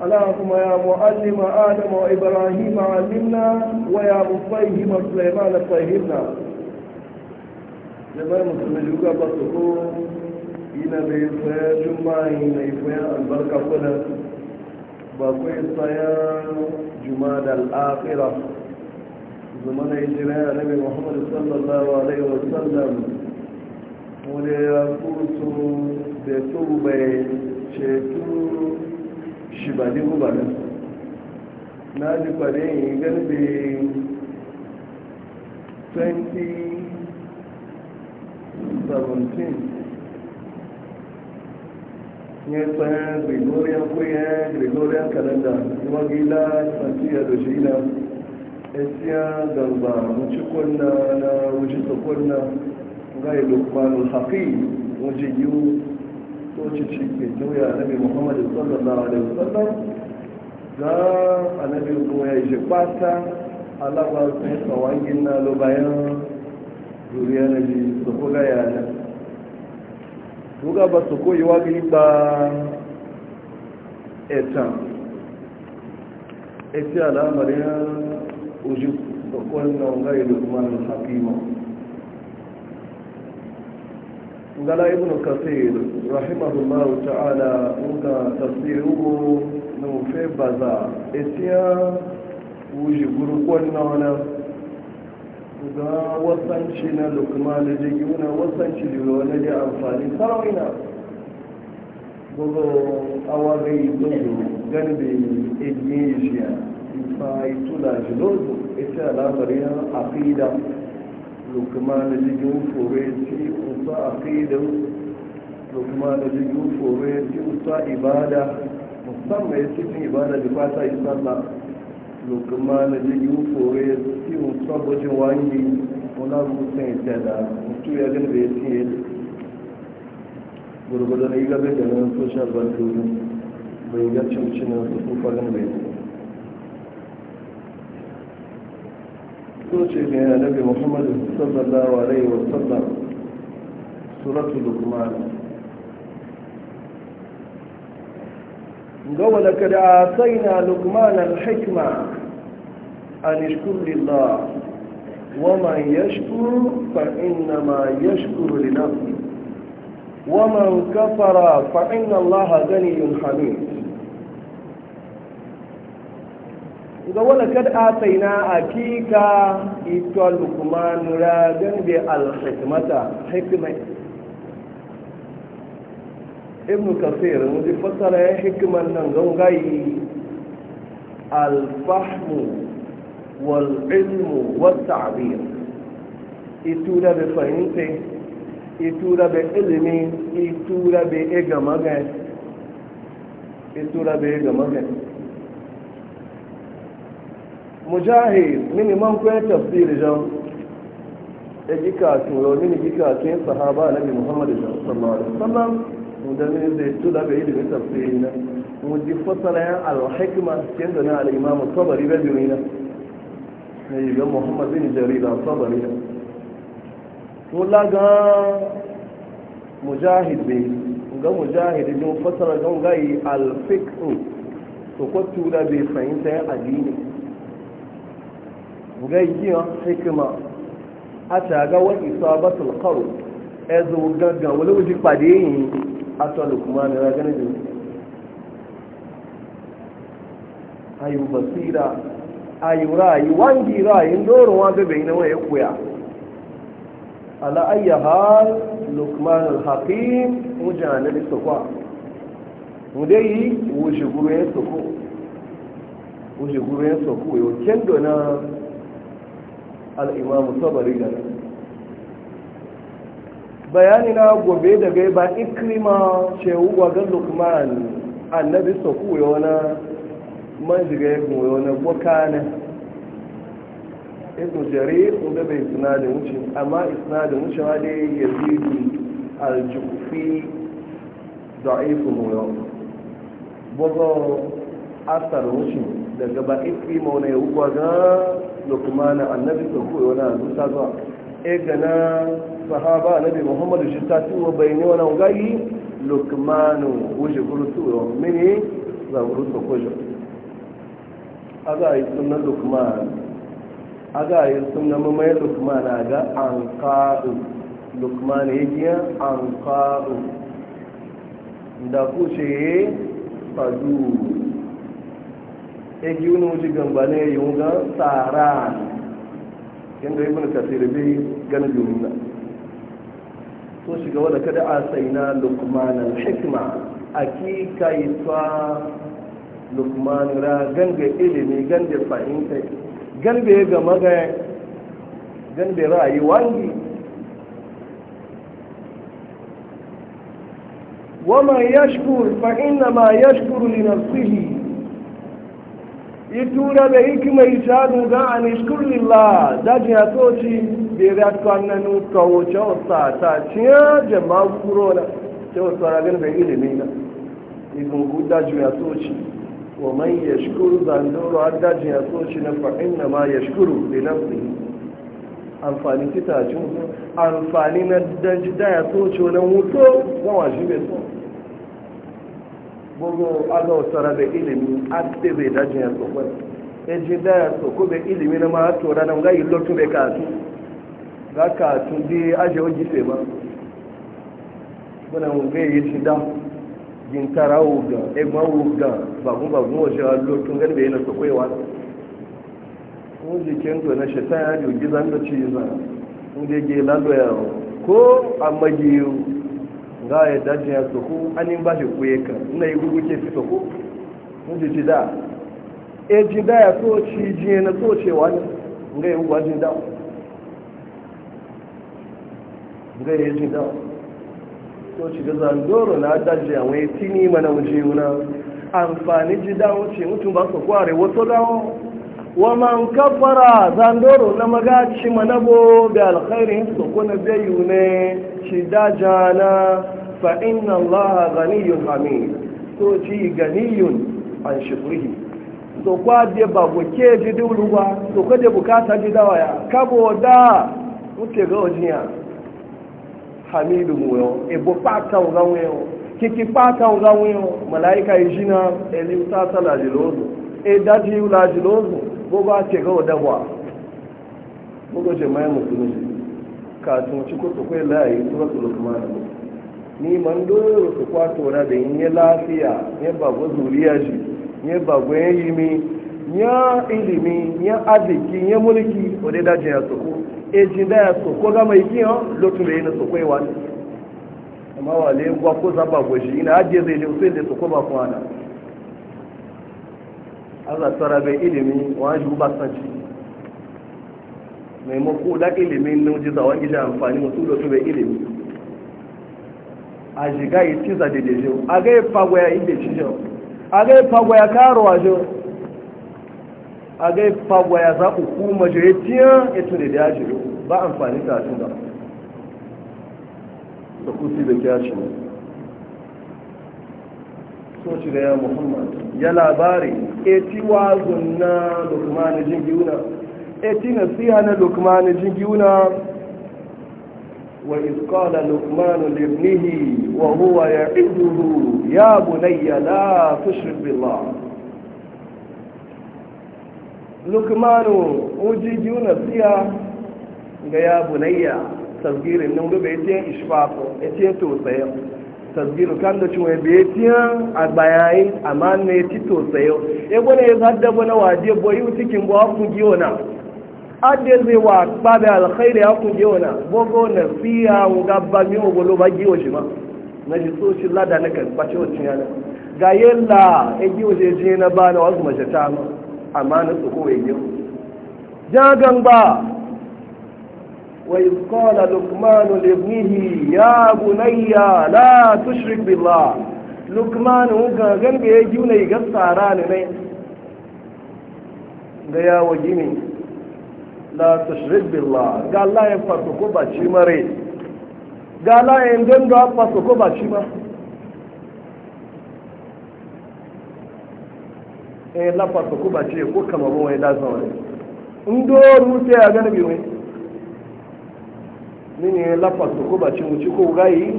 اللهم يا معلم آدم وإبراهيم علمنا ويا بفيهما سليمان فهمنا زمان مسلمين يوكا بسطور إنا بيفايا جمعة إنا إفايا البركة فلا بقوي سايا جمعة الآخرة زمان إجراء نبي محمد صلى الله عليه وسلم ولي يقول سوء بتوبة shi ba dai guba nan na ji kware yi garbe 2017 ya tsaye gregorian kuyen gregorian calendar kuma gila santiya da shi na esiya gamba wuce kwanna na wuce tsakwonna ga yi lokmanin haƙi wuce yiwu soci ci ke tauya annabi muhammad sallallahu alaihi wasallam ga annabi kuma ya ji bata alaba sai tsawon gina lo bayan zuriya na ji su kuga ya nan kuga ba su koyi wa ba etan eti alamarin uji da kwanan gari da kuma hakima gala ibn kasir rahimahullah ta'ala nga tafsiruhu nufe baza etiya wuji gurkon na wana ga wasanci na lukman da yuna wasanci da wani da amfani sarawina gugu awagai dozu ganbe ignijiya ifa itula jilozu ita lamariya aqida lukman da yuna fure ti sa aqidan kuma da jiyu foro ya ci sa ibada musamman ya ci ibada da fata yi sallah lokuma na jirgin foro ya ci sa bajin wangi wani rubutun ya tada mutu ya gani da ya ci ya gurgudu na yi gabe da nan social bandolin bai ga cimci na su kufa gani bai ko ce ne na annabi muhammadu sallallahu alaihi wasallam suratu lukman ga wadda kada a tsaina lukman al-hikma an ishkurillah ومن يشكر فإنما يشكر لنفسه ومن كفر فإن الله غني حميد ga wani kad ataina akika ito lukman ya bi alhikmata hikmai ibn kasir wani fassara ya e hikimar nan don gayi alfahmu wal'ilmu wata abir itu da bai fahimta itu da bai ilimi itu da bai iga e magai itu da bai iga e magai mujahid mini man kwaya tafsir jan ya ji kakin yau mini ji kakin sahaba nabi muhammadu sallallahu alaihi wasallam da min zai tula bai ilimin tafsiri na mu ji fasara yan al-hikma kin da na al-imam tabari bai biyu na sai ga muhammad bin jarir al-tabari na mu laga mujahid bai ga mujahid ne fasara ga gai al-fiqh to ko tula bai fahimta ya addini gai kiyan hikma a taga wa isabatul qarn ezo ga wani wuji pàdé yìí atwa lukman ya gane da ayu basira ayu rayu wangi rayu doron wa bebe ina waye kuya ala ayya hal lukman al-hakim mujana da sokwa mudeyi wuce guru ya soko wuce guru ya soko yau kendo na al-imam sabari gana bayani na gobe daga gai ba ikrima ce wagan lukman annabi sa kuwa wani manjiga ya kuma wani gwakana ibn jarir inda bai suna wuce amma suna da wuce ma dai ya zidu aljufi da'ifu muyo bugu asar wuce daga ba ikrima wani ya wagan lukman annabi sa kuwa wani zuta zuwa e gana sahaba nabi muhammadu shi ta tuwa bayani wani gayi lukmanu wuce kuru tuwa mini zamuru da kujo a a yi sunan lukman a a yi sunan mamayin lukman a ga an kaɗu lukman ya giya an kaɗu da kuce fadu egi wani wuce gamba ne yi wunga tsara yadda ibn kasir bai gani domin so shiga wadda kada a saina lukmanin hikima a kika yi ta lukmanin ra ganga ilimi ganga fahimta ganga ga magaya ganga ra'ayi wangi wama yashkur fa inna ma yashkuru li nafsihi itura da hikima isa duga a iskullila daji a soci da ya rasu annanu kawo cewarsa ta ciya jama'a kuro na cewarsa ragar da ilimi na ikon ku daji a soci wa man ya shukuru zandoro har daji a soci na fa'in na ma ya shukuru da nafsi amfani titacin amfani na daji da ya soci wani wuto wa shi bai so bugu aga wasara da ilimi a ce zai dajin ya e ji da ya tsoko bai ilimi na ma tora na gayi lotu be katu ga katu di aje o gife ma muna ga yi ci da gintara wuga egwa wuga bagun bagun waje a lotu gani be yi na tsokwai wa kun ji na shetan ya ji gizan da ci zan kun je ge lalo ya ko a magiyu Nga ya ya soko anyị mba ba shi kuye kan ina yi gugu ke fi soko mun ji ji e ya so ci ji na so ce wani ga yi gugu ji da ga yi ji so ci na dace ya wani tini mana wuce wuna amfani ji da wuce mutum ba su kware dawo wa man kafara zandoro na magaci manabo da alkhairin su kuna bayu ne shi dajana fa inna allaha ghaniyun hamid so ci ganiyun an shukrihi so kwa de ba ke ji duluwa so kwa je bukata ji dawaya kabo da muke ga ojiya hamidu muyo e bo pata ngawo kiki pata ngawo malaika yijina eliusa sala jilozo e daji ulajilozo gbogbo ake gawa dawa gbogbo jama'i musulmi tun ci kusa kwai layi tura kuma lukmanu ni man ko kwa to na da yin lafiya ne ya go zuriya shi ne ba go yi mi ya ilimi ya arziki ya mulki wadda daji ya soko ejin da ya ga gama yi kiyan lokacin da yi na soko yi wani amma wa le ko go gwashi ina aje zai se sai to soko ba ana? aza tsara bai ilimi wa shi ba san shi maimako da ilimi nan ji zawon gida amfani mutum da su bai ilimi a shiga yi ciza da jeje a ga yi fagwaya inda ci jau a ga yi fagwaya karo a jau a ga yi fagwaya za ku kuma jiretiyan ya tuni da ya jiro ba amfani ta tun da su kusi da kyashi ne soci da ya muhammad ya labari eti wazun na lokmanin jingiyuna eti nasiha na lokmanin jingiyuna wa iskola lokmanin libnihi wa huwa ya iduru ya bunayya la fushin billah lokmanin ujigiyun nasiha ga ya bunayya tasgirin nan gaba ya ce ishfafo ya ce tosayen tasgiru kan da cewa bai tiya a bayayi amma ne ti to sayo e gona ya zadda bana waje boyi cikin bo ku giona adde zai wa babe alkhairi ya ku giona bogo na siya mu gabba mi ogolo ba giwo shi ma na ji so shi lada na kan bace tiya yana ga yalla e giwo je je na bana wasu majata ta amma na su ko e jagan ba وإذ قال لقمان لابنه يا بني لا تشرك بالله لقمان وقا جنب يجيونا يقصى راني يا وجيني لا تشرك بالله قال لا ينفسك بشي مريض قال لا ينجم أنفسك بشي مريض eh لا ko ba ce هو لازم wai da zaune in do mini ya lafa su ko bacin wuce ko gayi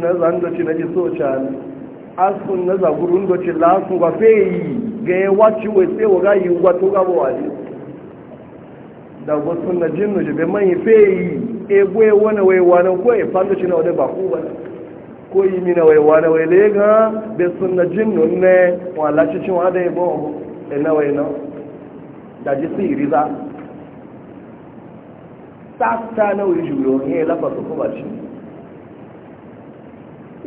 na zandoci na jiso can asun na zagurun yi ga ya wace wai sai wa gayi wato gaba da wasu na jin nuji bai manyi feyi yi ya wani wai ko ya fando ci na wani ba ku ko yi mina wai wani wai lega bai sun na jin e wa lacicin e i da ya bon ina sáta náà orí jùlọ ní ẹlápàtọ̀ kó bá ṣe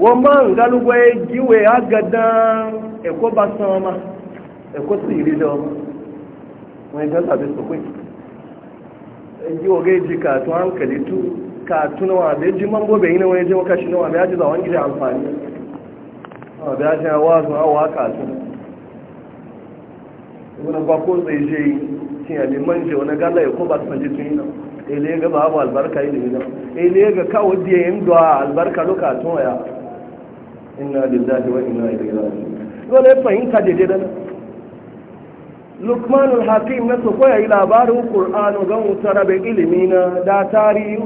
wọ́n máa ń gálúgbọ́ jíwẹ̀ ágàdán ẹ̀kọ́ bá san ọmọ ẹ̀kọ́ sí ìrìlẹ̀ ọmọ wọ́n ẹgbẹ́ tàbí sọ pé ẹjí ọ̀rẹ́ jí kàtún áńkẹ̀lì tú kàtún náà àbẹ́ jí máa ń gbọ́bẹ̀ yìí náà wọ́n ẹjẹ́ wọ́n kàṣì náà àbẹ́ ájúzà wọ́n gírí àǹfààní àbẹ́ ájẹ́ àwọn àzùn àwọ̀ àkàtún ìwọ̀n àgbàkó ṣe iṣẹ́ yìí tí àlè mọ́ ń jẹ́ ọ̀nà gálà ẹ̀kọ́ bá san jẹ́ tún yìí náà ele eh, ga babu albarka ilimi na ele ga kawo da yin da albarka lokacin waya inna lillahi wa inna ilaihi raji'un dole fahimta daidai da lukman al-hakim na su koya yi labarin ƙur'anu don wuta rabe ilimi na da tarihi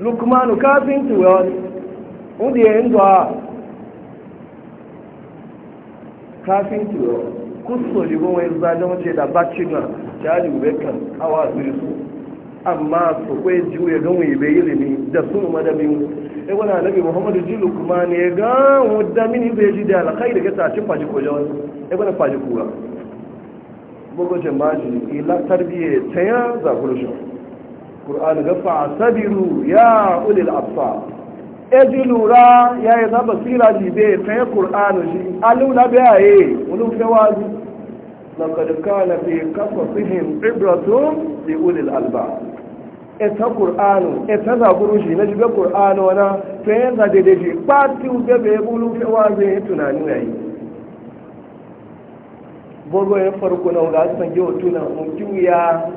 lukmanu kafin tuwa wanda yin da kafin tuwa kusurri goma ya zanen ce da bacci na jari wekan awa su. amma su kwai juya gan wai bai ilimi da sun madabin ya e wani annabi muhammadu jilu kuma ne ga wadda mini bai ji da alkai daga tashin faji ko jawan ya e wani faji kura bugu jamaji ila tarbiyya ta ya zakuru shi ƙur'an ga sabiru ya ulil absa e ji lura ya yi zaba sira ji bai ta ya ƙur'an shi alula bai wani fewa ji لقد كان في قصصهم عبرة لأولي الألباب ita ƙur'anu ita zaburu shi na shiga ƙur'anu wana ta yin zaɗe da bai bulu fewa zai yi tunani gbogbo ya farko na wula san yi hoto na ya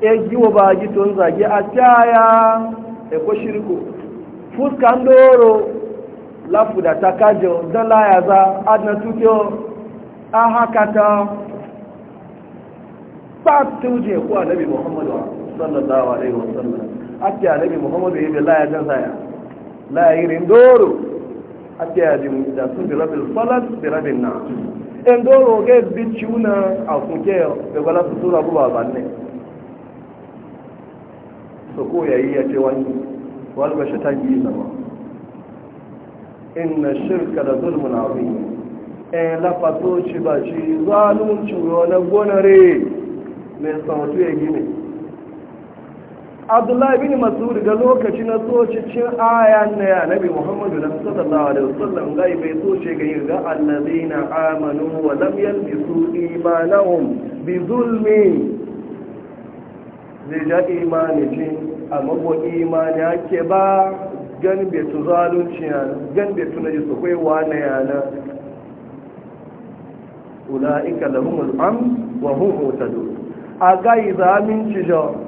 ya yi tun a caya ya ko shirku fuskan lafudata lafu da ta kajin don laya za a haka ta ɓati wuce wa. sallallahu alaihi wasallam ake annabi muhammadu ya ga laya dan saya laya irin doro ake ya ji da sun bi rabin salat bi rabin na in doro ga bi ciuna a kuke da gwala su tura ku baban so ko yayi ya ce wani wani ba shi ta yi zama inna shirka da zulmun ne. ɗaya lafato shi ba shi zalunci wani gonare mai sautu ya gini abdullahi bin masud ga lokaci na cin aya na ya nabi muhammadu na sallallahu alaihi wasallam gai bai soce ga yin ga allazina amanu wa lam yalbisu imanahum bi zulmi zai ja imani jin amma ko imani ake ba gan bai tu zalunci ya gan bai tu na su kai wa na na ula'ika lahumul am wa hum mutadun a gai zamin cijo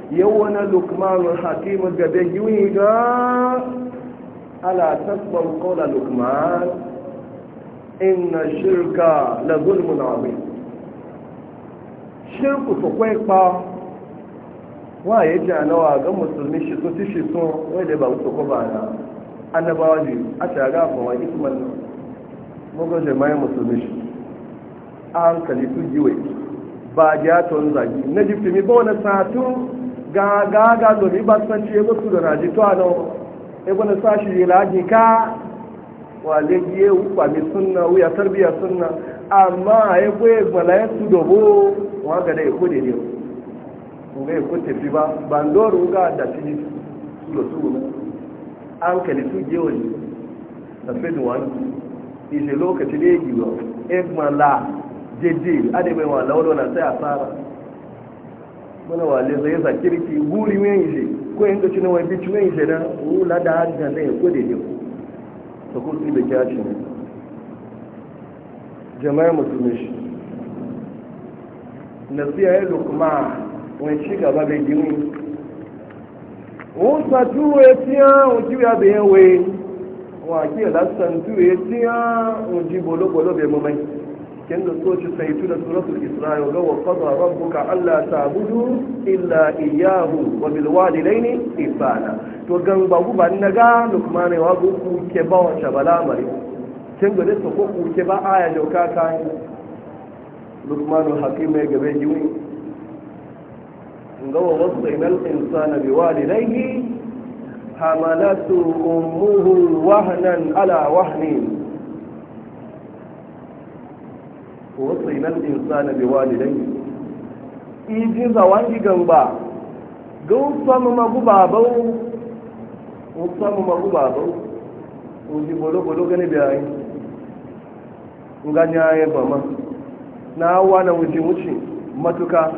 yawana lukmanun hakimun gabe yuni ga ala tasbar kola lukman inna shirka la zulmun azim shirku su kwai pa wa yi ji anawa ga musulmi shi sun ti shi sun wai da ba su ko ba na annabawa ji a shaga kuma wa isman mugo jama'a musulmi shi an kalitu jiwe ba ja ton zagi na jifti mi ba wani satun ga ga ga domin ba san ce ba su da raji to a nan ebe na sashi yi laji ka wale giye wukwa mi sunna wuya tarbiya sunna amma a yi kwaye malayen su do bo, wa ga da ya kode ne ga ya kode fi ba bandoro ga da fi su do su an kali su je wani da fi da wani ishe lokaci ne yi ba ebe mala jeje adabai wa laulo na sai asara muna wale zai za kirki guri mai ishe ko yin gaci na wani bici mai ishe na wula da hajjan da ya kode ne ta kursi da kyaci ne jama'a musulmi shi nasiya ya kuma wani ci gaba bai gini wọ́n sàtúwò etí á ojú abẹ́yẹwé wọ́n àkíyè lásán túwò etí á ojú bolóbolóbẹ̀ mọ́mọ́ yìí kin da soci sai tuna suratul isra'i ga wa qadara rabbuka alla ta'budu illa iyyahu wa bil walidayni ihsana to gan ba ku naga lukman wa ku ke ba wa shabala mari kin da ba aya da ka kan lukman hakim ya gabe jiwi ga wa wasainal insana bi walidayni hamalatu umuhu wahnan ala wahnin wasu inar insana bi walidai ijin zawangi gamba ga usamu magubabau usamu magubabau uji bolo-bolo gani biyayi nganya ya e bama na awa na wuce-wuce matuka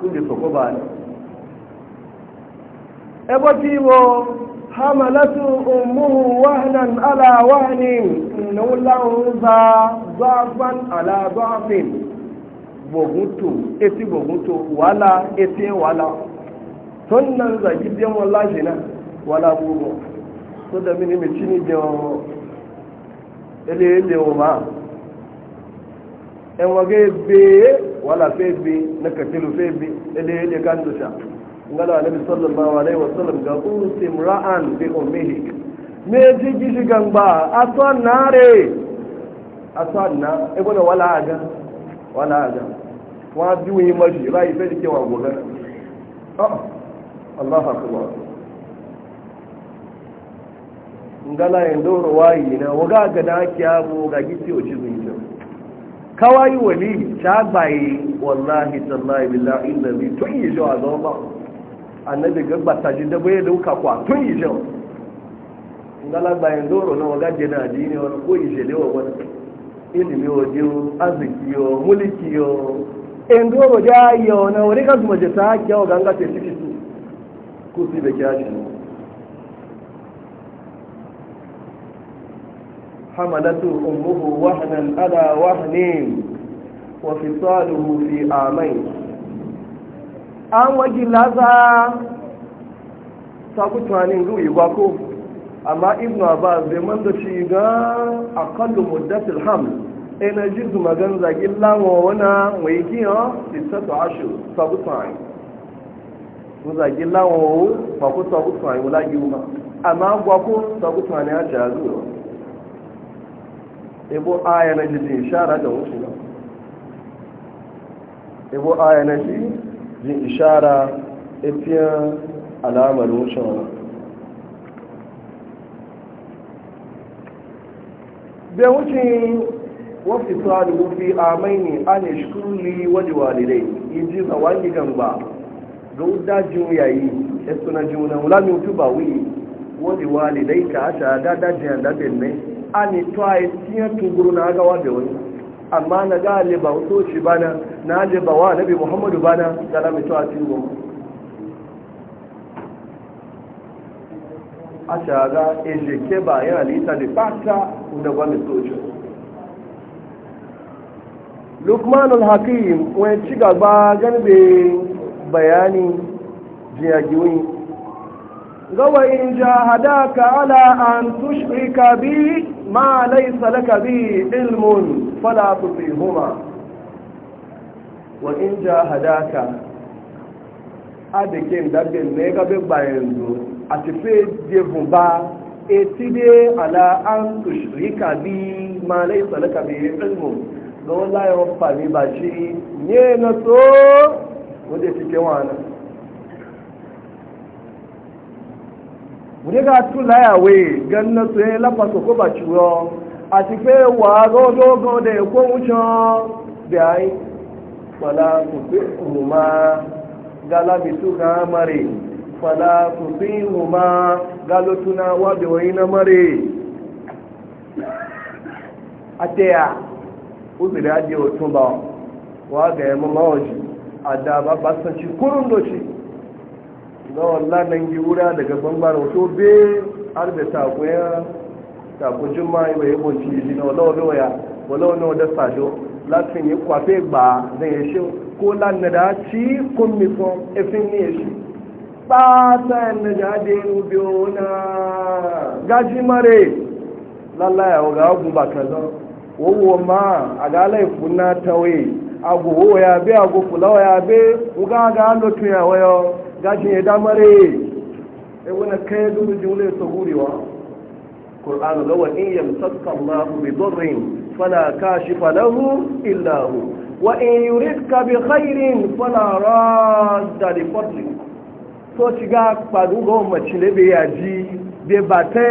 kudi soko ba ne ebe ki حملته أمه وهنا على وهن إنه له ضعفا على ضعف bogunto eti bogunto wala eti wala ton nan zagi biyan wala shi wala gugu so da mini mai cini da ele ele o ma en wage be wala fe be na katilu fe be ele ele kan dusha ngala nabi sallallahu alaihi wasallam ga usim ra'an bi ummihi me ji gishi gamba aso nare aso na e bona wala aga wala aga wa biyu yi maji rai fe dike wa goga ah Allahu akbar ngala yin doro wayi na waga ga da kiyabu ga gitti o cizun ita kawai wali ta bayi wallahi tallahi billahi illazi tun yi jawa zama annabi gabata ji da bai dauka kwa tun yi jau ngala yin doro na waga jina adini wani ko yi jelewa wani ilimi wa jiyo arziki yo muliki yo in doro ja yo na wani kan su majata kyau ganga ce ciki su ku si da kya shi hamalatu ummuhu wahnan ala wahnin wa fisaluhu fi amain an wagi laza a ku tunanin ruwi ba amma ibn abbas bai man da shi ga aqallu muddatil ham. ina ji zuma zagin lawo wana wai kiyo sitatu ashur ta ku zagin lawo ba ku ta ku tunanin amma gwa ku ta ku tunanin ya jazu aya na jiji shara da wuce aya na ji ishara ifiyan alamar wucewa bai wuce wasu tsari wufi a mai ne a ne shiruli waje walidai in ji tsawon gigan ba ga dajin yayi ya suna juna wulami wutu ba wuyi waje walidai ka a shahada dajin yadda ne a ne tuwa ya tiyar tunguru na agawa da wani amma na ga liba wato shi bana na liba wa nabi muhammadu bana da lamito a cikin a shaga ejeke ba yana lita da fata da gwamnati sojo lukmanul hakim wani ci gaba ganibe bayani jiyagiyoyi gawa in ja jahadaka ala an tushrika bi ma laisa laka bi ilmun فلا تطيهما وإن جاهداك adikin dabin ne gabe bayanzu a tafi jefun ba e tide ala an tushrika bi ma laisa laka bi ilmu ga wallahi wafa ni ba shi ne na so wajen cikin ga gan na so ya lafa so ko ba ciwo àti pé wà rọ́lọ́gán dẹ̀ kó ń ṣan bí i fàlá kò sí ìhùnmá gálábì tó ká mare fàlá kò sí ìhùnmá gálótúná wábẹ̀ wọ́n iná mare àtẹ́yà ó sì ajé òtún bá wà gẹ̀ẹ́ mọ́ máa àdàbà bá san ci kurun da shi ga wallah daga bangaren to be har da tàbí jùmọ̀ ìwé ìbò tí ìdìnnà ọlọ́ọ̀lọ́ ya ọlọ́ọ̀nà ọdẹ sàjọ láti ní kwàfẹ́ gbà ní èṣe kó lánàdà tí kò mí fún ẹfin ní èṣe pátá ẹnìyà dé ibi òun náà láláyà ọ̀gá ọ̀gùn owó máa àgálẹ̀ ìfún náà owó ya bí agò fúláwọ̀ ya bí wúgáàgá lótú ya ewé e na kẹ́ẹ́dúró jùlọ ètò Kur'anu ga wa in yamsaka Allahu bi dhurrin fala kashifa lahu illa hu wa in yuridka bi khairin fala radda li fadli so shiga kwadu ga macile be yaji be bate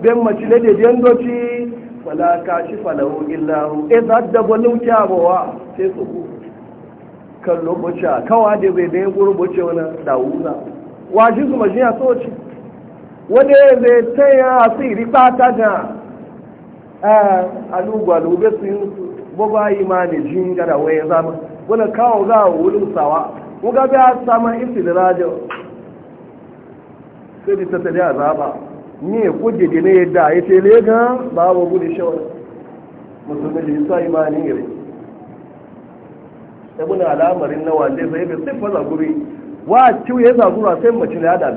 be macile de dendoci fala kashifa lahu illa hu idan da bolun kyawawa sai su ku kallo bocha kawa da bai da gurboce wani dawuza waji su majiya so ci wani zai taya asiri pata ga alugwalu ga su yi gbogbo imani jin gada waye zama wani kawo ga wurin sawa wuga bi a isi da rajo sai da tattali zaba ne kujje ne yadda ya ce lega babu gudu shawar musulmi da isa imani ya muna al'amarin na wanda zai bai siffar zaguri wa ciwo ya ya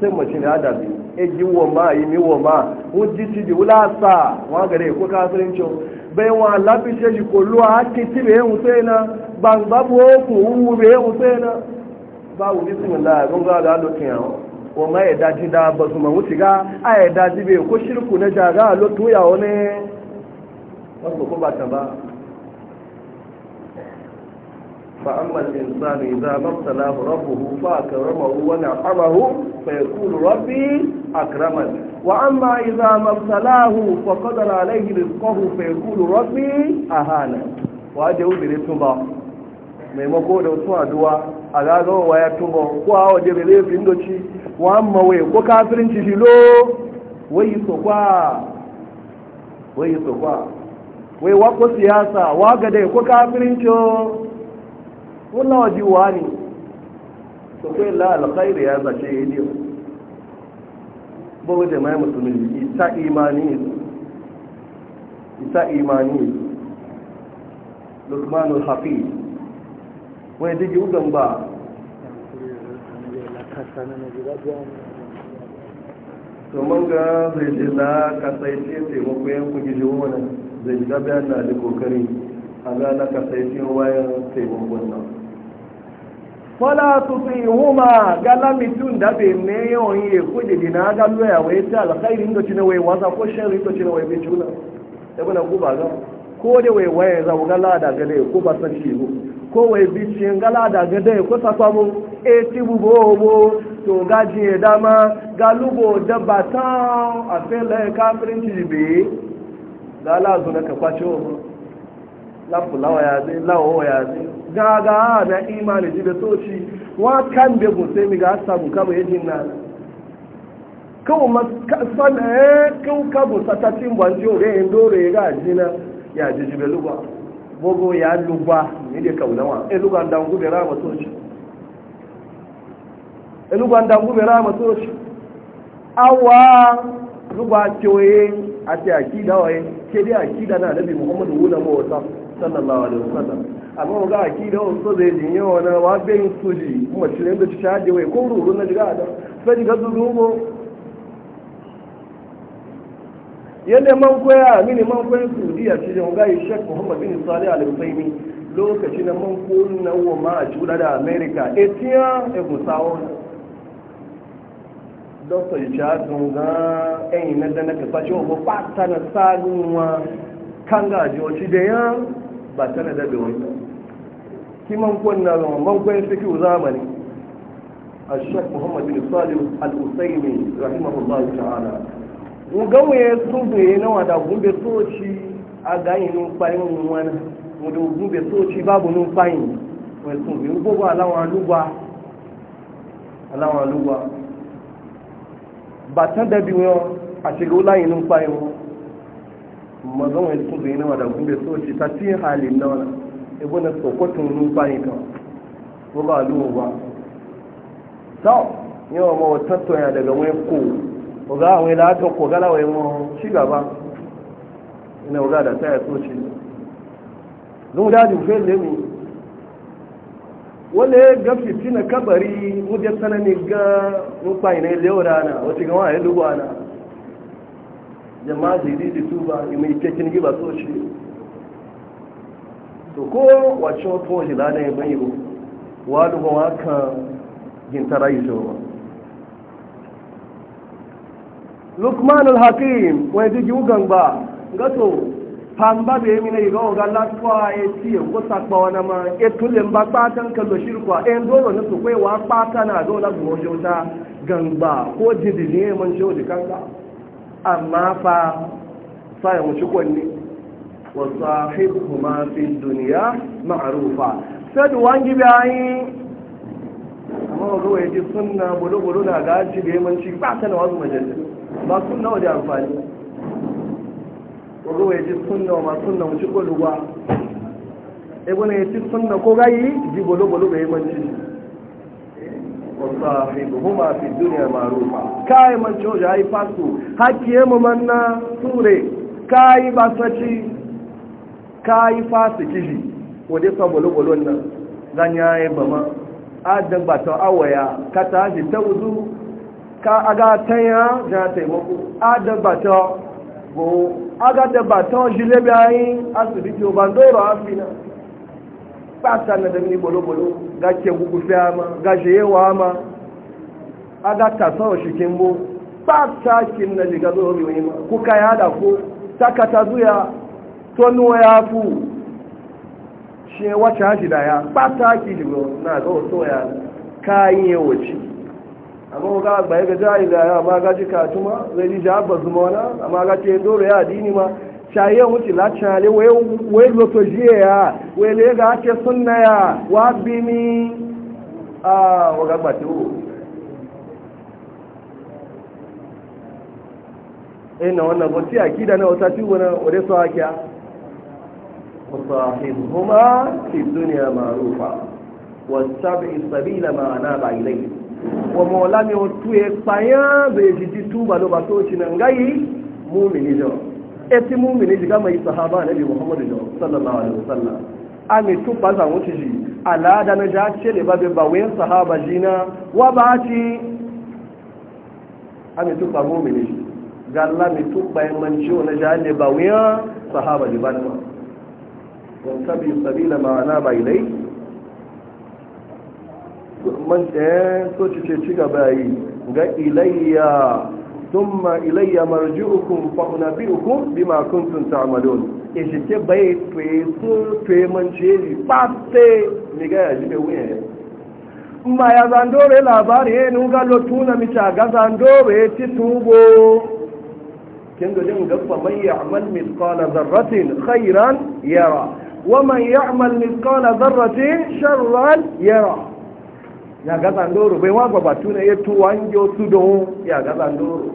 sai mace ne ada biyu egi wa ma yi e mi wa ma hujji ci di wula sa wa gare ko kafirincin bai wa lafi ce ji kollu a haki ci bai hussein na ban babu ku wu bai hussein na ba wu bismillah gun ga e da lokin yawo wa ma ya daji da ba su man wuce ga a ya e daji bai ko shirku na jaga a lotu ya wani wasu ko ba ta ba فأما الإنسان إذا ما ربه فأكرمه ونعمه فيقول ربي أكرمن وأما إذا ما فقدر عليه رزقه فيقول ربي أهانا وأجهو بريتما maimako da wasu addu'a a gagawa waya tuba ko a waje da laifin doci wa amma waye ko kafirinci shi lo wai so kwa wai so kwa wai wako siyasa wa ga dai ko kafirinci wala waji wani to kai la alkhair ya zace yidi bo da mai musulmi ita imani ita imani Luqman al-Hafiz wai diji ugan ba to mun ga zai ce la kasaice taimako yanku gizi wani zai ji gabi yana da kokari a ga na kasaice wayan taimakon nan fala tutihuma gala mitun da be ne yon ye ko de dina ga lo ya we ta alkhairi ndo chine we ko sharri ndo chine we be da bana ku ba ga ko de we waye za ga la ko ba san shi ko we ko sa pa mu bo ga ji e dama ga lu bo da ba ta a fe lafu lawa ya zai lawa ya zai gaga na imani ji da soci wa kan da sai mi ga yajin na kawo masan eh ka kabo satatin ban ga ya ji ji ya luba ni de kaunawa e luga dan gube ra ma soci e luga ra ma waye na muhammadu sallallahu alaihi wasallam amma ga akida on so zai jin yawa na kuma da ko ruru na da sai yadda man koya mini man koya cikin gai shek muhammad bin salih al-usaimi lokacin da man na uwa ma a cuda da america etiya e gusawo dr jackson ga na dana fashe wa ba ta na sanuwa kan gajiyoci da yan ba tana da wani kiman kwanna zama mankwai suke zamani a shek muhammad bin salim al-usaimi rahimahullah ta'ala gugawa ya tsubuye na wada gumbe soci a ganyi numfayin wani wadda gumbe soci babu numfayin wani tsubuye gugu alawan lugba alawan lugba ba tan dabi wọn a shiga wula yi numfayin wọn mazan wani kun zai nama da kun bai so ce ta ci halin na wani ibu na sokotun rufa ne kawai ko ba luwa ba ta yawa ma wata toya daga wani ko ko ga wani lata ko gala wani mu ci gaba ina wuga da taya so ce zun da jin fel ne Wani wanda ya gafi tina kabari mu da sanani ga rufa ne lewa rana wata gama ya duba na jama'a zai da su ba yi mai cikin giba so shi to ko wacce wata waje lana ya bayi wa duba waka gintara yi so ba lukman al-hakim wani jigi wugan ba gato famba da ya mina yi gawa ga latuwa ya ci ya gusa kpawa na ma ya tulin ba kpatan kallo shirkwa ya dole na su kwaiwa kpata na dole su wajen gangba ko jidini ya man shi wajen kanka amma fa sa ya wuce kwanne wa sahibhuma fi duniya ma'arufa sad wangi bayi amma wazo ya ji sunna bulu bulu na gaji da yamanci ba ta na wasu majalisa ba sunna wajen amfani wazo ya ji sunna wa ma sunna wuce kwallo ba ebe na ya ci sunna ko gayi ji bulu bulu da yamanci وصاحبهما في الدنيا معروفا كاي من شوج هاي فاسو حكي ممنا سوري كاي باسكي كاي فاسكي ودي صابو لغو لنا زانيا بما adan ba ta awaya ka ta ji ta ka aga tanya ja taimako adan ba ta go aga da ba ta jilebe ayin asibiti obandoro afina fata na da mini bolo ga ke ama ga sheyewa ama a ga tasa wa shikin bu kin na jiga zuwa mai ma kuka ya da ku takata zuya tonuwa ya fu shi wacce hashi da ya fata ki jigo na zo so ya kayan ya wuce amma ga agbaye ga jayi da ya ma ga jika tuma zai ji jaba zuma wana amma ga ce doro ya adini ma chaye wuce la chale we loto jiye ya we le ga ake sunna ya wa bi mi a waga gbati wo ina wannan gwati akida na wata ci wani wadai su hakiya وصاحبهما في الدنيا معروفا واتبع السبيل ما اناب اليه ومولاني وتوي بايا بيجي توبا لو باتوشي نغاي مؤمن جو eti mumini shiga mai sahaba na muhammadu sallallahu alaihi wasallam a mai tuba za wuce shi alada na ce ne sahaba jina wa ba ci a mai tuba mumini shi na ja ne ba sàhábà sahaba bá ba ma wata bi sabila ma'ana ba ilai man ɗaya so tó ce ci gaba yi ga ilayya ثم إلي مرجعكم فأنبئكم بما كنتم تعملون إيش تبعي تويسون تويمن شيري باتي نيجا يجيب وين ما يزندوري لاباري نوغا لطونا مشاقا زندوري تتوبو كندو جنو قصة من يعمل مثقال ذرة خيرا يرى ومن يعمل مثقال ذرة شرا يرى ya gaza ndoro bai wa wagwa na ya tuwa ya gaza ndoro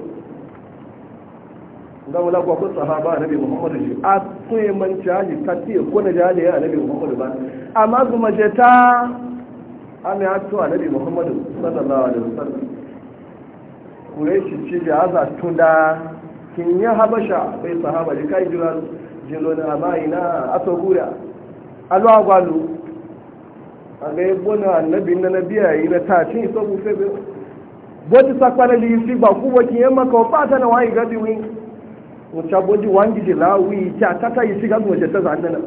ga wala ko sahaba nabi muhammadu shi a tsoye man jaji ta tiye ko na jaji ya nabi muhammadu ba amma kuma je ta amma ya to nabi muhammadu sallallahu alaihi wasallam shi ci da aza tunda kin ya habasha bai sahaba ji kai jira jilo na mai na kura alu agwalu a ga yabo na annabi na nabiya yi na tashin sabu sai bai wata sakwarar da yi fi ba kuwa kin yamma ka wata na wayi gabi wing wacce boji wangi ji lawi ta tata yi shiga waje ta zanana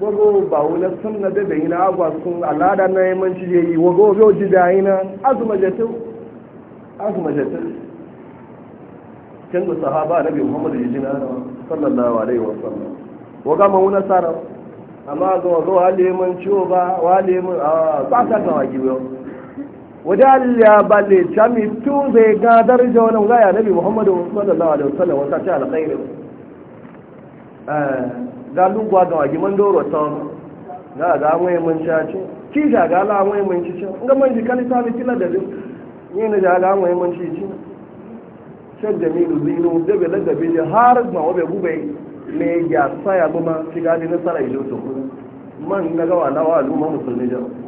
wago ba wani sun na bebe yi na agwa sun alada na yaman shi je yi wago wago ji da yi na azuma jatu azuma jatu can da sahaba nabi muhammadu ya ji na sallallahu alaihi wa sallam waga ma wani sara amma ga wago wa leman ciwo ba wa leman a ah, ba ta ga wagi yau wajen aliyya ba le cami tun zai ga darija wani gaya nabi muhammadu sallallahu alaihi wasallam wata ce alkhairu eh, ga lugwa ga wagi man doro son ga ga wai mun shaci ki ga ga la wai mun ci ci ga man ji kalisa bi kila da ni ne ga ga wai mun ci ci shan jamilu zinu da bela da har ma wabe gube ne ya saya goma shiga ne nasara ido to man na ga wala wa al'umma musulmi jama'a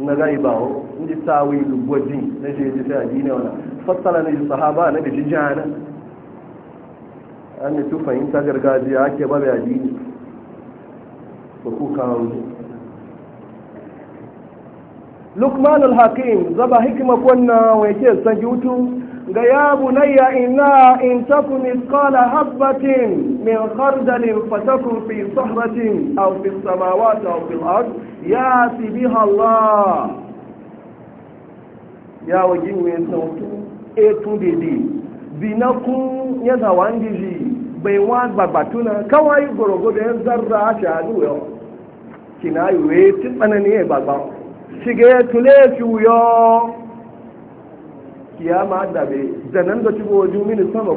نغايباو ندي تاوي لوجين نجي دي تاجيني ولا فصل لي الصحابه نبي جيجانا ان تشوف انت غرغادي اكي بابا ديني فكو لقمان الحكيم زبا حكمه كنا ويكي سنجوتو غيا بني انا ان تكن مثقال حبه من خردل فتكن في صحره او في السماوات او في الارض yaa sibi Allah waa yaa wọ ji na ɔye sɛwutu e tu dị dị zi na ku ɲe sawa gbagba tu na gorogo ɲe ndar a sà à nuwàó kì yi wee tụp ɛ na ni nye ya sige tule siwu yo kì yaa maa dà bie dze na ndọchi bọ ọ ji ɔmị nisem ọ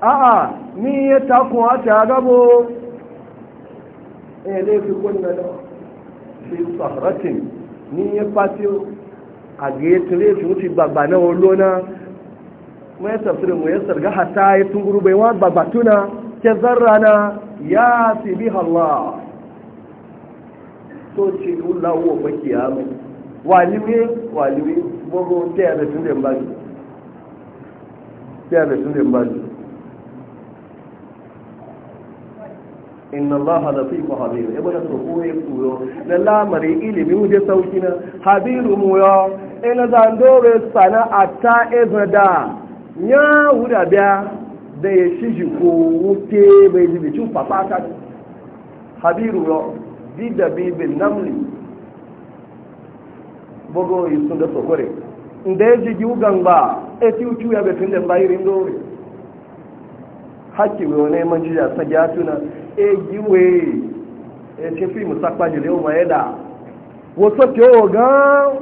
a ndị ni iye taku a sà aga eh laifi kunna da fi sahratin ni ya fati a gaitu laifi wuce babba na wallo na mai tafsirin mu ya sarga hata ya tunguru bai wa babba tuna ke zarra na ya fi bi Allah to ce lawo makiya mai waliwe waliwe gbogbo tẹ́yà da tun da mbali tẹ́yà da tun da mbali inna allaha latifu habir e bana so ko e kuyo na lamari ili mu je sauki na habiru mu yo e na zandore sana ata ezada nya wuda bia da ya shiji ko wuke bai ji bicu papa ka habiru yo dida bi bin namli bogo yisun da sokore nda ya jigi ugan ba e ti ucu ya betin da bayirin dore hakki wo ne man jiya sa gyatuna egiwe ete fi musakpa jire o maye da woso ti gan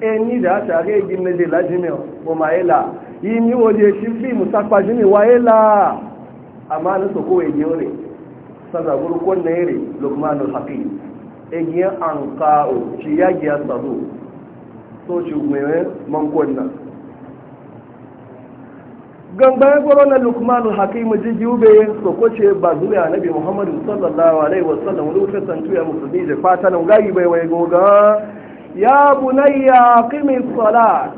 eni da sare egi meje lajimi o maye la imi o de shi fi musakpa jimi waye la amma na so ko egi ore sada egi shi asabu so shi man gangan gwaro na lukmanu hakimu jigiyu bayan sokoce ba zuwa ya nabi muhammadu sallallahu alaihi wasallam wani wuce santu ya musulmi da fata nan gayi bai wai goga ya bunayya kimi salat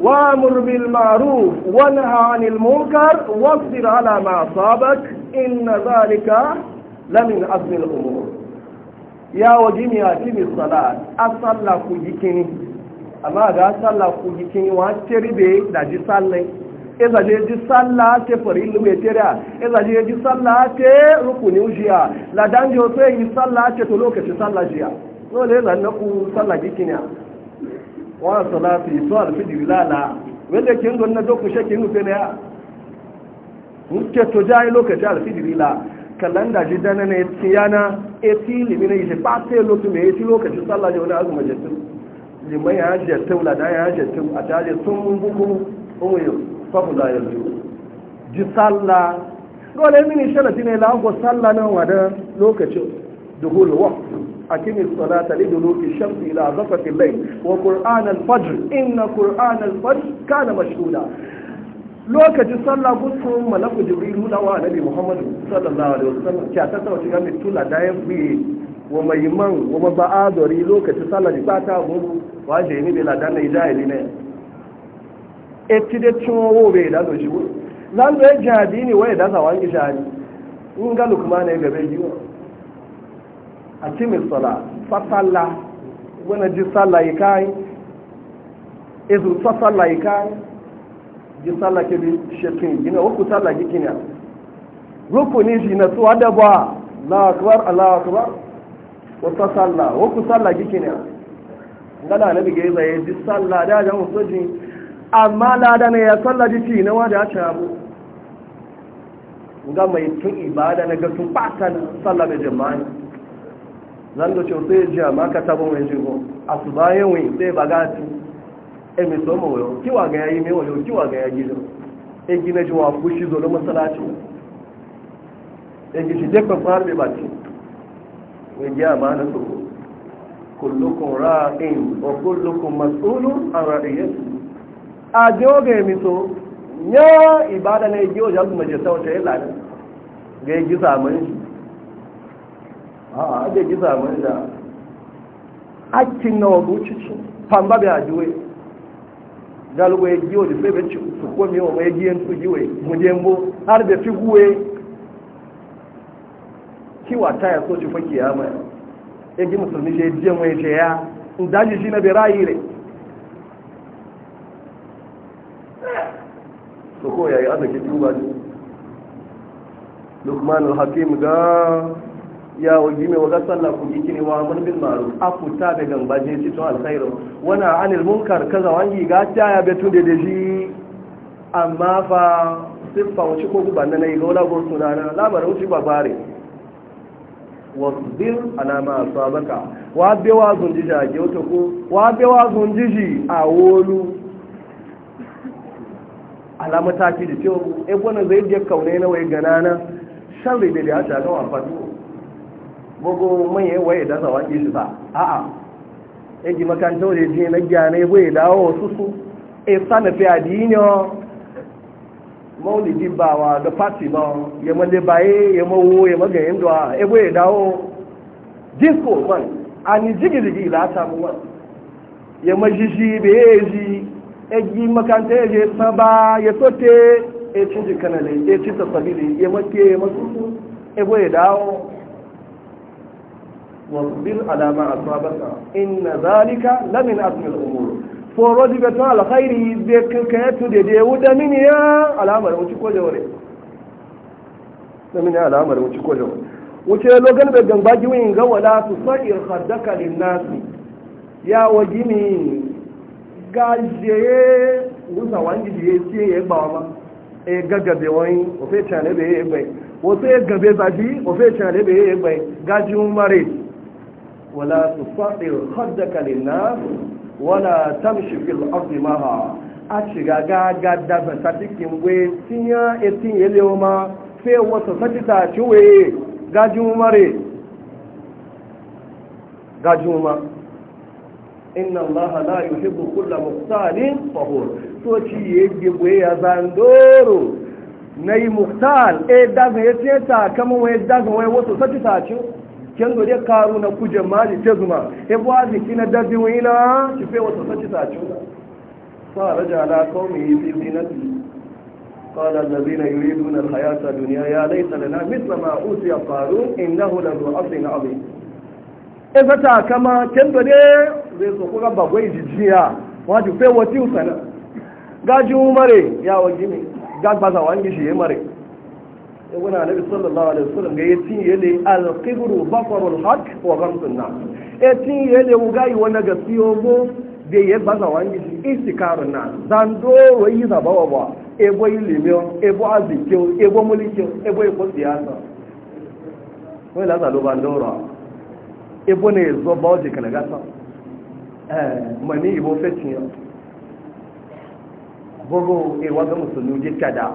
wa amur bil ma'ruf wa nahy anil munkar wasbir ala ma asabak inna zalika lamin azmi al umur ya wajimi ya kimi salat a asalla ku kini, amma ga sallah ku jikini wa ribe, da ji sallai eza je ji sallah te fari mai teriya eza je ji sallah te rukunin La ladan jo e yi sallah te to lokaci sallah No le la na ku sallah gikinya wa salatu to alfijir lala wanda kin don na doku shake nu fe ya muke to jai lokaci alfijir la kalanda ji dana ne tiyana eti limina yi ba te lokaci mai eti lokaci sallah na wani azuma jettu limai ya la ladan ya jettu a taje sun buku umu fahu la yanzu ji sallah dole mini ne la go sallah nan wada lokacin duhul waqt akim salata li duluki shams ila layl wa qur'an al-fajr inna qur'an al-fajr kana mashhuda lokacin sallah gusu malaku da wa nabi muhammad eti da cin e wo bai e da zo shi wuri zan zo jihadi ne waye da zawan ki jihadi in ga lukuma ne gabe jiwa a cimin sala fasalla wani ji salla yi kayi izu fasalla yi kayi ji salla ke bi shekin gina wakku salla ki kina rukuni shi na su da ba la akbar allah akbar wa salla wakku salla ki kina ngana nabi ga yi zaye ji salla da jan jin. amma lada ne ya sallaji ci na wajen hacci abu ga mai tun ibada na ga tun fata na sallar da jama'a zan da cewa sai jiya ma ka tabo mai jigo a su bayan wani sai ba ga ci e mai so mu yau kiwa ga yayi mai wayo kiwa ga yayi gido e gina ji wa fushi zo da masalaci e gishi shi kan fara ba ci wai jiya ma na so kullukum ra'in wa kullukum mas'ulun an ra'iyatihi a joge mito ya ibada na yi wajen kuma jesa wata yi lani ga yi gisa mani shi a ga gisa mani da akin na wabu cici pamba bai ajiwe galibu ya giyo da febe ci su komi wa mai giyan su giwe mujembo har da fi guwe kiwa ta ya so ci fa kiyama ya gi musulmi shi ya jiyan wai shi ya daji shi na birayi rai so ko yayi azaki tuba ne lukman al-hakim ga ya waji mai waga sallah ku yi kini wa bin maru a afuta da gamba je to alkhairu wana anil munkar kaza wangi ga ta ya betu da daji amma fa siffa wuce ko guba na yi gaula na sunana labarin wuce ba bare wasbir alama sabaka wa bewa zunjija ge wato ko wa bewa zunjiji a wolu alama ta da cewa eh, ebonin zai je kaune na wai ganana shan da ya ta gawa fatu bogo manye waye da zawa ki shi ba a'a e ji makanta da je na gyane bai dawo susu e eh, sana fi adinyo maulidi wa da fati ba ya mande baye ya mawo ya magayin yin da e eh, bai dawo disco man jigi-jigi la ta mu ya shi-shi be shi. egi makanta ya saba ya sote ya e ci jikanale ya e ci tasabili ya make ya masu ebo ya dawo wasbir alama asabaka inna zalika lamin asmil umur foro diga to alkhairi be kanka ya tude de wuda min ya alamar wuci ko jawre lamin alamar wuci ko jawre wuce logan be gamba giwin ga wala su sa'ir khaddaka lin nasi ya wajini ga jeye gusa wani jeye ce ya gba ma e gagabe wani ofe chane be ya gbai wasu ya gabe zaji ofe chane be ya gbai gaji umare wala su faɗi haddaka linnas wala tamshi fil ardi maha a shiga gaga da fasatikin gwe tinya etin yele ma fe wasu satita ciwe gaji mari gaji umare inna Allah la yuhibbu kulla muqtalin fahur to ci yegge boye ya zandoro nayi muqtal e eh, ya ce ta kama waye daga waye wasu, sati ta ci ken gode karu na kuje mali te zuma e bo aziki na dabi wina ci fe wato sati ta ci fa raja ala qaumi fi zinati قال الذين يريدون الحياة الدنيا يا ليت لنا مثل ما أوتي قارون إنه لذو عظيم عظيم إذا تاكما كن بدي zai so kuka bagwai jijiya wajen fe wati usana gaji umare ya waje ne gagbaza wa ngishi ya mare ya wani anabi sallallahu alaihi wasallam ga yatin yele al-qibru basarul haqq wa ghamsun nas yatin yele ugai wani gasiyo bo da ya baza wa ngishi istikarun nas dan do wayi zabawa ba ebo ilimi ebo azikio ebo muliki ebo ebo siyasa wai laza lo bandora ebo ne zo ba oje kana gasa Eh, mọ̀ní ibo fetin ya gbogbo e waga musulmi jikka da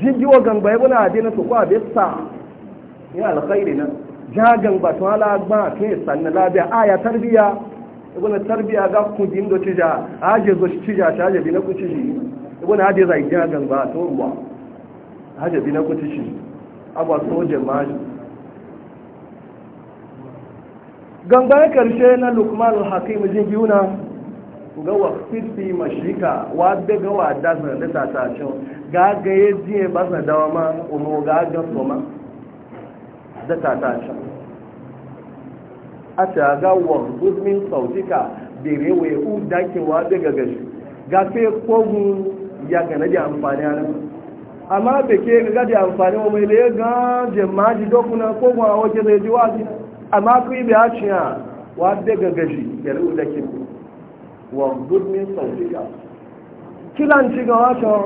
jigi wa gangba alkhairi na ja gangba to ala gba to ya sanna labiya aya tarbiya ibuna tarbiya ga zo ku zai gangba to wa aje bina ku tiji abwa soje gangan karshe na lukman al-hakim jin yuna ga waqti mashika wa daga wa da da ta ta ga ga jiye ba sa dawa ma umu ga ga ma da ta ta a ta ga wa gudmin sautika da rewe u dake wa daga gashi ga fe kogun ya ga na da amfani anan amma beke ga da amfani wa mai le ga maji dokuna kogun a waje zai ji wa amma ku yi biya ciya wa daga gaji ya rubu da kibu wa gudmin sauriya kilan ci ga wata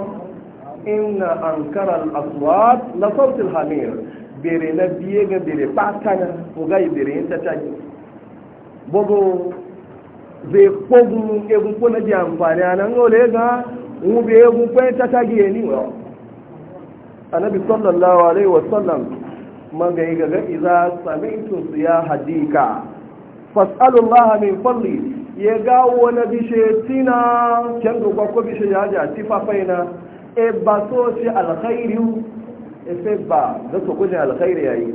ina an karar aswat na sautin hamir bere na biye ga bere patana ko ga bere yin ta tagi bugu zai kogun egungun na biya amfani a nan ole ga wube egungun ta tagi ya ni wa annabi sallallahu alaihi wasallam magayi gaga iza samitu su ya hadika laha min falli ya gawo wani bishe tina kyan gaba kwakwa bishe ya ja ti fafaina e ba so ci alkhairi e fe ba za su kujin alkhairi yayi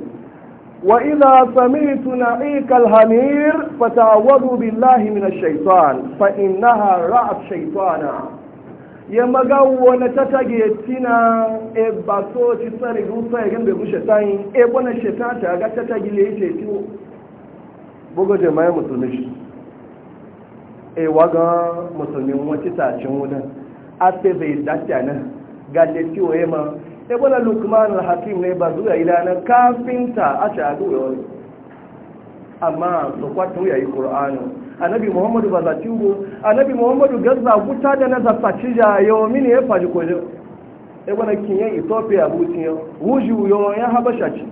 wa idza samitu na'ika alhamir fata'awadu billahi min ash-shaytan fa innaha ra'at shaytana ya maga wani tatage tina e ba so ci tsari gusa ya gambe ku shetani e bana shetani ta ga tatage le yake tiwo bugo jama'a musulmi shi e waga musulmi wacce ta cin wuda atte bai dace nan ga le tiwo e ma e bana lukman al-hakim ne ba zuwa ilana kafinta a ta duwa amma su kwatu yayi qur'ani annabi muhammadu ba za cingo annabi muhammadu gaza guta da na zafa cija yau mini ya faji kojo e ya gwada kinyan ethiopia butin yau wuji yau ya habasha ci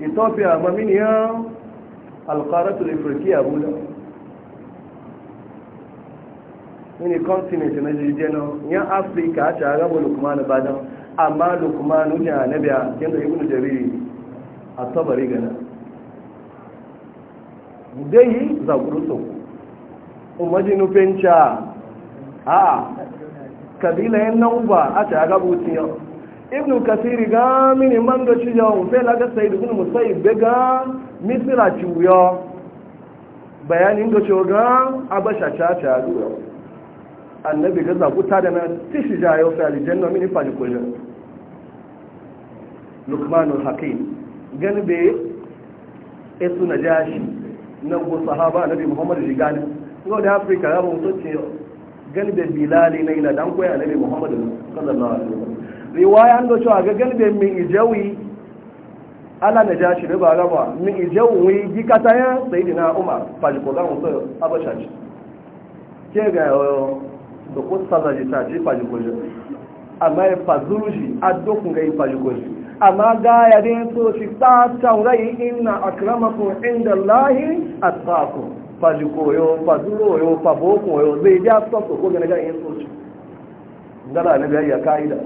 ethiopia ma mini ya alkaratul ifirkiya buda mini continent na jirgin yan afirka a ci a gaba lukman badan amma lukman wujen annabi a kinda ibn jariri a tabari gana dai za guruso umajinu pencha a kabila yan nan a ta ga butiya ibn kasir ga mini man da ci yau fe la ga sayyid ibn musayyib be ga misra ci yo bayanin da ci ga abasha cha cha ruwa annabi ga za guta da na tishi ja yau sai aljanna mini fa ko ja lukmanul hakim ganbe esu najashi na go sahaba nabi muhammad rigani ngo da afrika ya mun soce galbe bilali na dan koyi nabi muhammad sallallahu alaihi wasallam riwaya an do ga min ijawi ala na ja ba min ijawi gi ya sayyidina umar faji ko ga mun so ke ga eh, da ko sallaji ta ji ko amma adokun ga ko amma ga yare so shi ta taurayi inna akramakum inda Allahi atqakum faji koyo fazuro yo fabo koyo zai ja sako ko ga yin so shi dara na ya kaida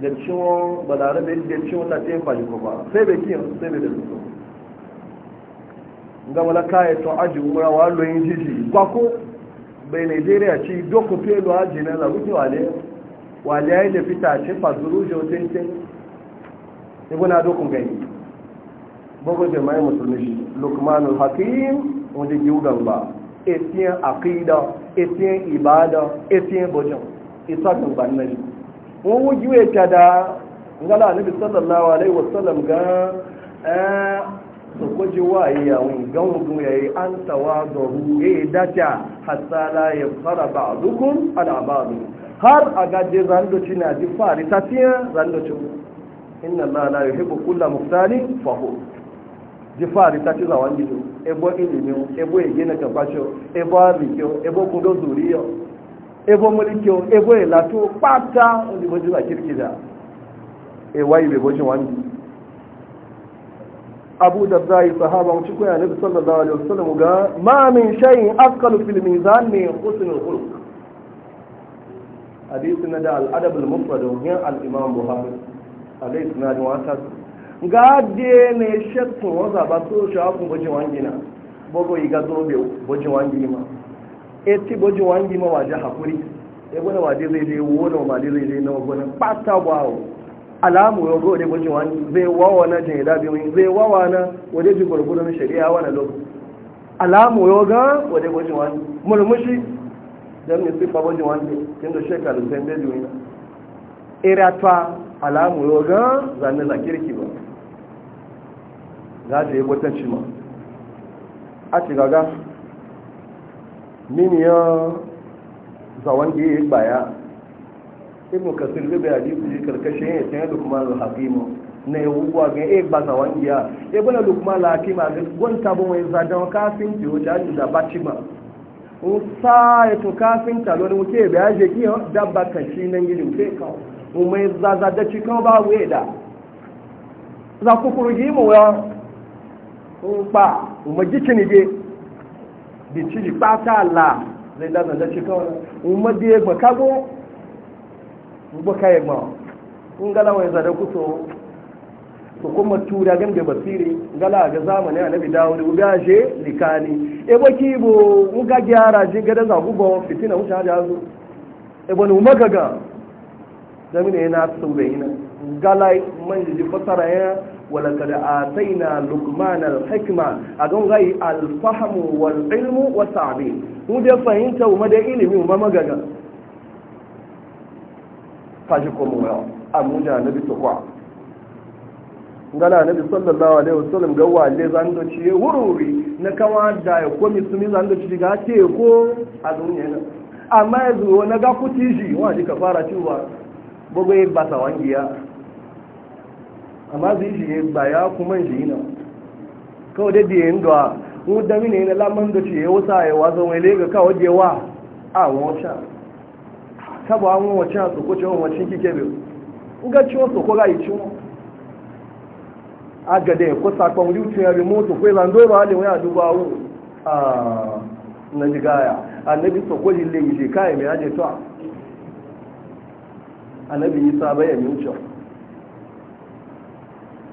da ciwon balarabe da ciwon na tefa faji ko ba sai bai kiyan sai bai da so ga wala kai to aji wura wa loyin jiji kwako bai Nigeria ci doku pelo aji na la wuce wale wale ya da fita ce fazuro jo tenten ibuna dokun gani bugu mai musulmi lukmanul hakim wanda giwugan ba etiyan aqida etiyan ibada etiyan bojan isa kan bannan wọn wuji wa ta da ngala annabi sallallahu alaihi wasallam ga eh so koji wa ya won gan wudun ya yi an tawadahu ya dacha hatta la yafara ba'dukum ala ba'd har a aga je zando na ji fari ta tatiya zando cina inna allaha la yuhibbu kulla muqtalin fakhur jifari tati za wangizo ebo ilimi ebo egene kapacho ebo abikyo ebo kudo zuriyo ebo mulikyo ebo elatu pata ndiboji za kirkida e wai be boji wangi abu darda sahaba mu ciko ya nabi sallallahu alaihi wasallam ga ma min shay'in afqalu fil mizan min husnul khuluq hadith na da al adab al mufrad min al imam buhari alai suna da wata su ga de ne shetun waza ba so shi haku boji wangi na bogo yi ga zobe boji wangi ma eti boji wangi ma waje hakuri e gona waje zai je wona ma dai zai je na gona pata wawo alamu ya go de boji wangi zai wawa na jin da bi mun zai wawa na waje ji gurgurun shari'a wala lokaci alamu ya ga waje boji wangi mulmushi dan ne sifa boji wangi kin da shekaru sai da duniya iratwa alamu yau ga zanen na kirki ba za ta yi kwatanci ma a ci gaga miniyan zawon da ya yi baya ibu kasir zai bayani su ji karkashin ya tsaye da kuma alhakimu na yi wuwa ga ya ba zawon giya ya bana da kuma alhakima ga gwanta bin wani zaɗan kafin tiyo ta ji da baci ma in sa ya to kafin talon wuke ya bayaje kiyan dabba kashi nan gidi wuke kawo mai zaza da cikin ba da za ku kurgi mu ya pa umaji cinige bi ciri pata la zai da zaza da cikin umadi ya gbaka go gbaka ya gbawa kun gala wai zada kuto ko kuma tura gambe basiri gala ga zamani annabi dawo da gaje likani e baki bo mu ga gyara je ga da zagubo fitina mu ta da zo e bani gamina yana saurayina galai man jiji fasara ya sai na lukman alhikma a don gai alfahamu wal ilmu wa sa'bi mu da fahimta mu da ilimi mu magaga fashi ko mu ya amuja nabi to kwa ngala nabi sallallahu alaihi wasallam ga wale zan da ciye wururi na kama da ya komi sumi zan da ci ga ce ko a duniya amma yanzu na ga kuti shi wani ka fara ciwa gbogbo ya basa ya ya zai shi ba ya kuma shi na ka da dị a, da a da mini na laman da ce wasa ya wazo mai lega kawai da wa a wacce sabo an wacce su ko ce wacce kike bi ga ciwo su ko ga yi ciwo a gade ko sakon liutu ya remoto ko zan doro halin wani aduba wu a na jigaya annabi ji legi shi kayan mai aje a. annabi isa bai ya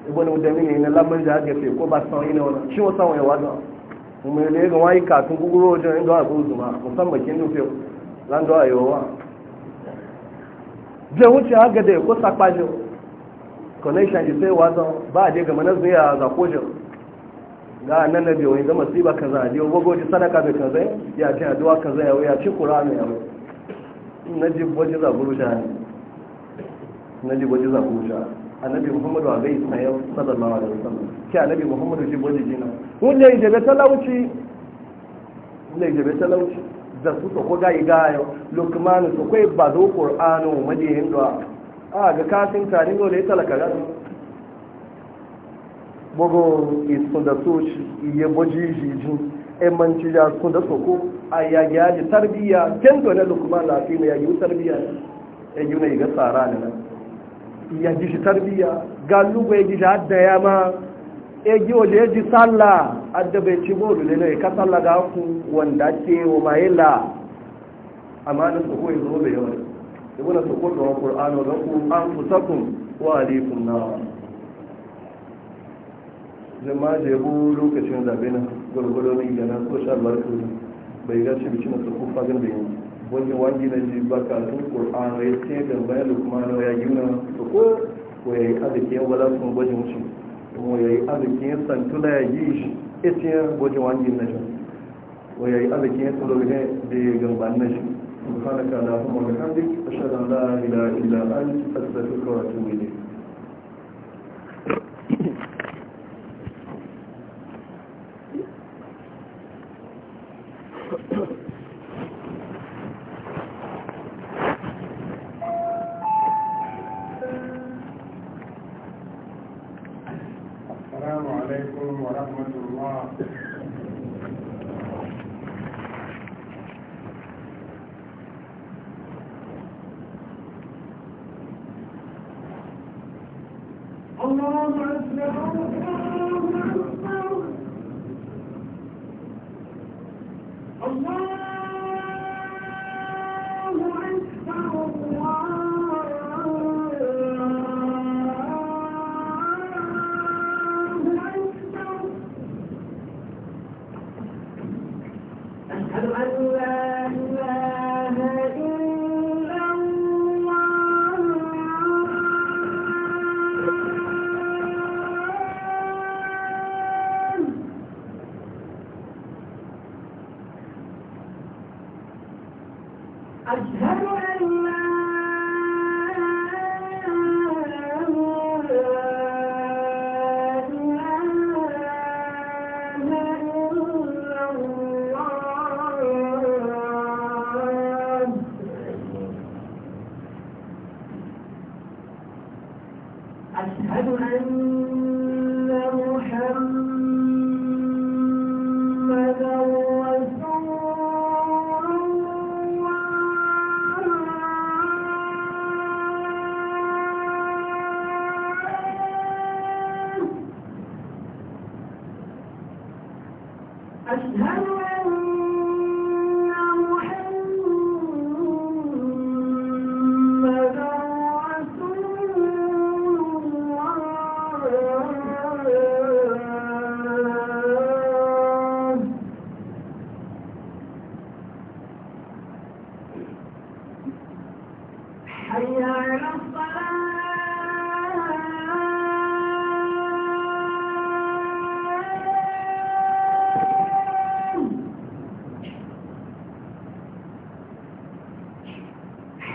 ibn udami ne na lamar da aka fi ko ba san ina wani shi wasan wani wada ga wani katun guguro wajen inda wa zuzu ma musamman kin nufi zan ga ayowa je wuce haka da ko sakpajin connection ji sai wazan ba a je ga manar zuya za ga nan na biyu zama kaza a jiyo wagoji sadaka da kaza ya ce kaza ya wuya ci ya wuya na ji wajen zaburu na ji gwaji zabusha annabi muhammadu a gai sayar sallallahu alaihi wasallam ke annabi muhammadu shi waje jina wanda ya jabe talauci wanda ya jabe talauci da su ta ko gayi gayo lukmanu su kai ba zo qur'anu maje da a ga kafin tani dole ya talaka ga bogo isun da su iye gwaji jiji ɗan manci da sun da soko a yagi yaji tarbiyya kyan na lukman lafi na yagi tarbiyya ya yi na ga tsara ne nan ya ji shi tarbiya ga lugu ya ji shi hada ya ma ya ji waje ya ji sallah adda bai ci bolu ne ne ka sallah ga ku wanda ke wa maye la amma na su koyi zo bai yawa ya wuna su kurda wa ƙur'anu ga ku an fusakun wa alaikun na zama jebu lokacin zabe na gwargwaro ne yana social marketing bai gashi bikin su kufa gan da yanzu wani wani na ji baka sun ƙur'an ya ce da bayan lukmanu ya yi na suko ko ya yi arziki yan sun gwajin shi kuma ya yi arziki yan ya yi shi ita yan wani na shi ko ya yi arziki yan da ya na shi Thank you. Wow.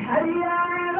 حي على